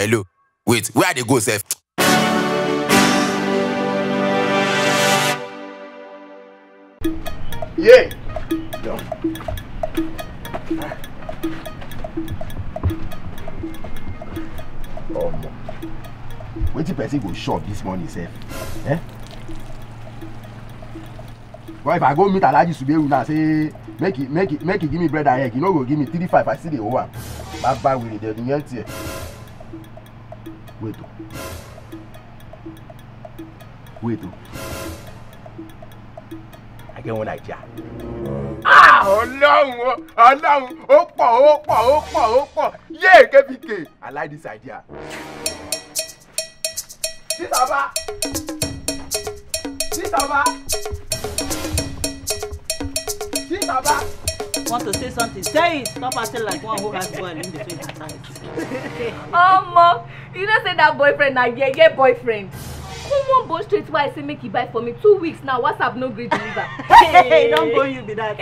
hello wait where i dey go sef. Yeah. No. Omo. Wetin person go shop This morning sef? Eh? Well, if I go meet Alhaji Suberu now say make he make he make he give me bread and egg, he no go give me three five, I still dey owe am. Baba with the do yẹn tiẹ̀. I get one idea. Ah, o, Ọlọ́run ó pọ̀ ó pọ̀ ó pọ̀ ó pọ̀ yéé kébìkè. I like this idea. Sísọ bá. Sísọ bá. Sísọ bá want to say something, say it. Stop acting like one who has boil in between her thighs. Oh, mom, you don't say that boyfriend na yeah, yeah, boyfriend. Who won't boy straight why I say make you buy for me two weeks now? WhatsApp no great deliver. hey, don't go you be that.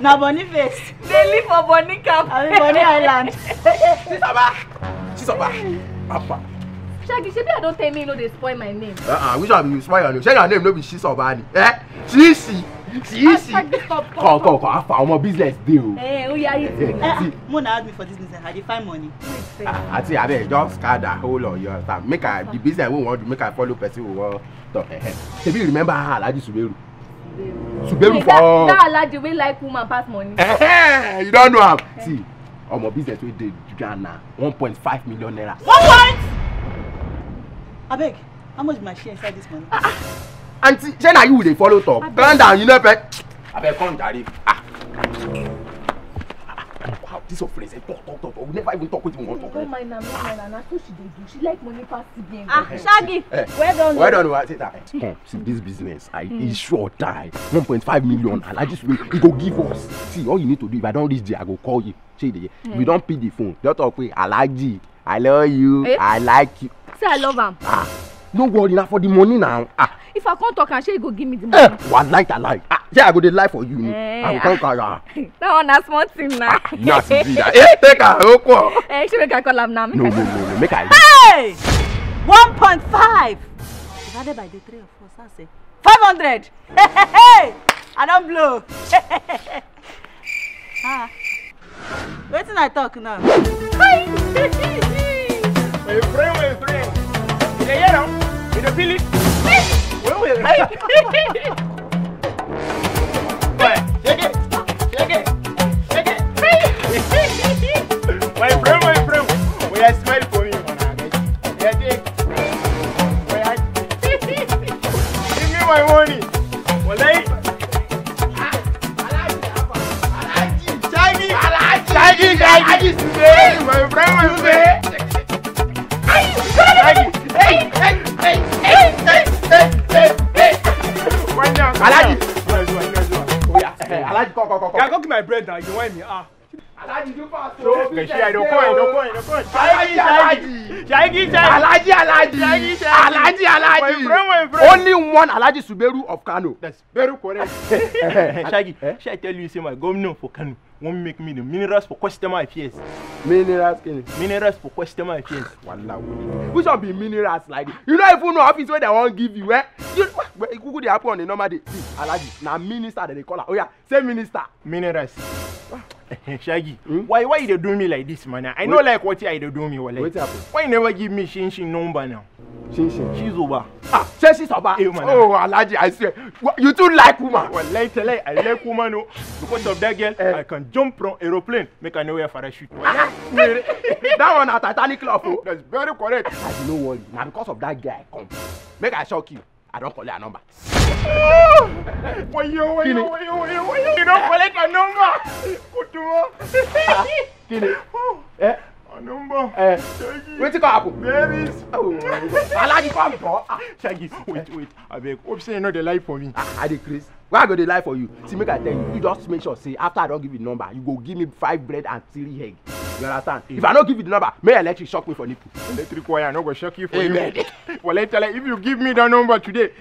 Now Bonny face. They live for Bonny camp. I mean Bonny Island. Sisaba, Sisaba, Papa. Shaggy, Shaggy, I don't tell me you know they spoil my name. Uh-uh, which one you spoil your name? Shey your name no be she's Sisaba ni. Eh? Sisi. See, see. easy come come I found my business dey o. ẹ o yà yìí too. mona ask me for this business i dey find money. àti ah, abeg just card her hole on your time make a the business wey we want to make a follow person we wan talk. Eh, eh. you remember her alhaji suberu. suberu for. that alhaji wey like woman pass money. Hey, eh, you don't know am. see ọmọ business with the ghana 1.5 million naira. one point. abeg how much be my share inside this money. Ah, ah aunty say na you dey follow talk calm down you no pet. abeg come jare ah wow this your friend say eh, talk talk talk we never even talk with we wan talk. no mind am don't mind am na so she dey do she like money pass cbn. ah eh. shaggy eh. well done well done wa sita come see this business i e sure die one point five million alaji sule e go give us see all you need to do if i don't reach there i go call you See the dey We don't you don pick the phone just talk like alaji i love you i like you. say i love him. ah no worry now for the money now. ah if i come talk am shey you go give me the eh, money. Eh, wa lie ta lie ah shey i go dey lie for you eh, i go come ah. carry am. Ah. that one na small thing na. na si di na eh take am o pọ. eh shey make i call am now. no no no no make i. hey one point five divided by the three of us that's it five hundred hey i don blow ah wetin i talk now. Hi. my friend my friend you dey hear am you dey feel it. do it. Wait, shake it. Shake it. Shake it. my friend, my friend. Wait, I smile for you. Yeah, take. Wait, I... Give me my money. Well, I... Shaggy, shaggy, shaggy, my friend, my friend. alaji alaji kọkọkọkọ. yàgò kí my bread now. you want me? ah. Alaji, do pass. So ke shi ai do coin, do coin, do coin. Shaigi Shaigi. Shaigi Shaigi. Alhaji Alhaji. Shaigi Shaigi. Alhaji Alhaji. My friend, my friend. Only one Alhaji Suberu of Kano. Shagi, Shagi, correct. Shaigi, eh? eh, eh. shall I tell you say my governor for Kano won't make me the minerals for customer affairs. Minerals kini? Minerals for customer affairs. Wallah. Who should be minerals like this? You don't even know office where they won't give you, eh? You, well, it could happen on a normal day. Alhaji, na minister that they call her. Oh say minister. Minerals. Shaggy, hmm? why why you dey do me like this, man? I know like what I dey do me, wale. What happened? Why you never give me Shin Shin number now? Shin Shin. She's over. Ah, Shin Shin's over. Hey, Oh, Alhaji, I swear. You too like woman. Well, like, I like woman, oh. Because of that girl, eh. I can jump from aeroplane, make I know where parachute. Ah, ah. that one at Titanic Club, oh. That's very correct. I no worry. Now because of that guy, I come. Make I shock you. I don collect her number. Wọ́yọ̀ wọ́yọ̀ wọ́yọ̀ wọ́yọ̀ wọ́yọ̀. You don collect her number. Kutumo. Kini. Ẹ. Oh. Ọ̀nà ń bọ̀. Ẹ. Wetin come happen? Babies. Aladi come for. Eh. Shaggy wait oh. ah, wait eh. abeg hope say you no dey lie for me. Ah, I dey craze. Why I go dey lie for you? See make I tell you, you just make sure say after I don give you number, you go give me five bread and three egg. You understand? If I don't give you the number, may electric shock me for nipple. Electric wire, I no go shock you for Amen. you. Well, let's tell you, if you give me the number today,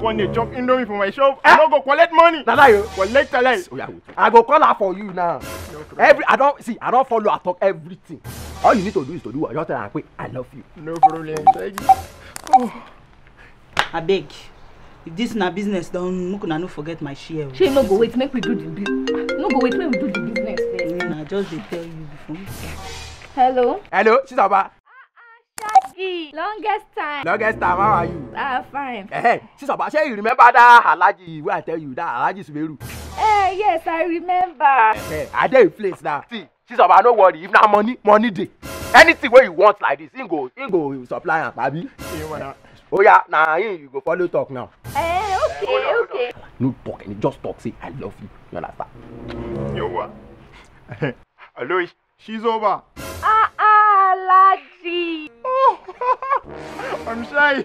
come and dey chop me for my shop, eh? I no go collect money. Na that you? Well, let's tell you. I go call her for you now. No Every, I don't see, I don't follow her talk everything. All you need to do is to do what you tell her quick. I love you. No problem. Thank you. Oh. Abeg, if this na business don make una no forget my share. Shey no go wait make we do the business. No go wait make we do the business first. Na just tell you fún. hello. hello sísọba. Ah, ah, Shaggy, longest time. Longest time, how are you? Ah, fine. Eh, sísọba, ṣé you remember that Alhaji wey I tell you that Alhaji very. Eh, yes, I remember. Hey, are there a place now. See, sísọba, no worry, if not money, money day. Anything where you want like this, him go, him go supply am, abi? Oya, oh, na him you go follow talk now. Eh, okay, eh, okay. No talk, just talk say I love you. You understand? Yo, what? hello. She's over. Ah, ah, Alaji. Oh, I'm shy.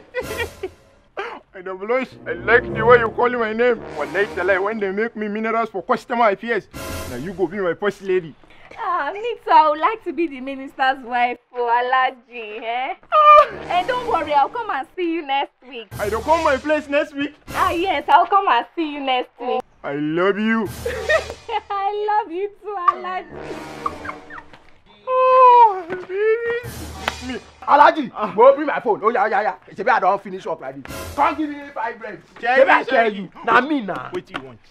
I don't blush. I like the way you call my name. But later, like, when they make me minerals for customer affairs, now you go be my first lady. Ah, me too. I would like to be the minister's wife for oh, allergy, eh? Ah. and eh, don't worry. I'll come and see you next week. I don't come my place next week. Ah, yes. I'll come and see you next week. I love you. I love you too, allergy me alhaji ah. mo bring my phone Oh yeah, yeah, yeah. It's a sebi i don't finish up like this come give me five bread sebi i tell you na me na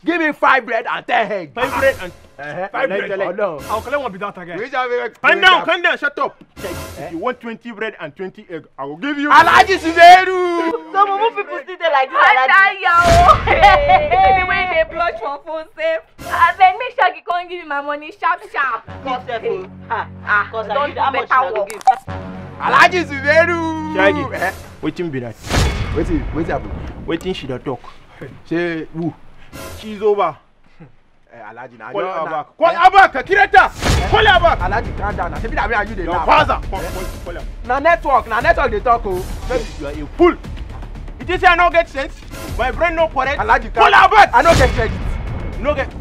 give me five bread and ten egg. five bread and five bread Oh no. I'll collect one without again. calm down calm down shut up. if eh? you want twenty bread and twenty egg i will give you. alhaji suderu. so mumu people still dey like this alhaji. Anyway, they blush for phone safe. I beg, make sure you come give me my money sharp, sharp. Come careful. Oh. Ah, ah, because don't need how much I will give. Alhaji Zubairu. Shaggy, wetin be that? Wetin, wetin happen? Wetin she don't talk? Say who? She's over. Eh, Alhaji na call her back. Call her back, eh, Kireta. Call her back. Alaji, calm down. I said, na where you the now. Your father. Eh? Na network, na network they talk o. Oh. you are a fool dis i no get sense my brain no correct alhaji ka collaborate i no get credit no get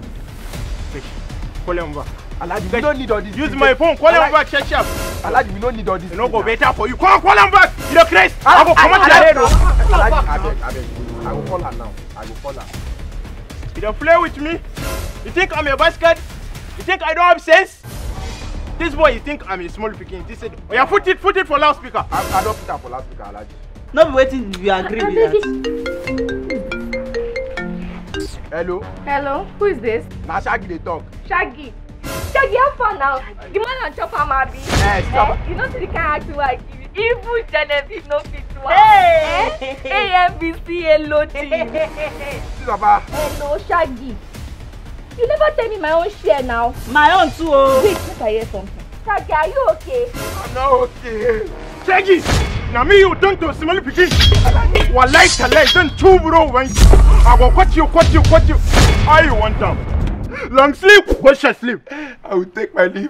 call him back alhaji we don't need all this use my phone call him back sharp sharp alhaji we don't need all this e no go better for you come call him back you dey craze ah, i come comot your head I alhaji abeg abeg i will call her now i will call her you don't play with me you think i'm a basket you think i don't have sense this boy you think i'm a small pikin this oya oh, put it put it for loudspeaker i i don put it for loudspeaker alhaji no be wetin you agree with that. hello. hello who is this. na shaggy dey talk. shaggy shaggy how far now the man na chop am abi. eh stop. Eh, you know see the kind acting wey i give you even genevieve no fit wa. Hey. Eh? ambc hello team. see baba. hello shaggy you never tell me my own share now. my own too Oh. wait make i hear something. shaggy are you okay. i'm not okay. shaggy. Now me you don't do small pikin light? Then two tuburo when i go cut you cut you cut you I want them. long sleep what short sleep i will take my leave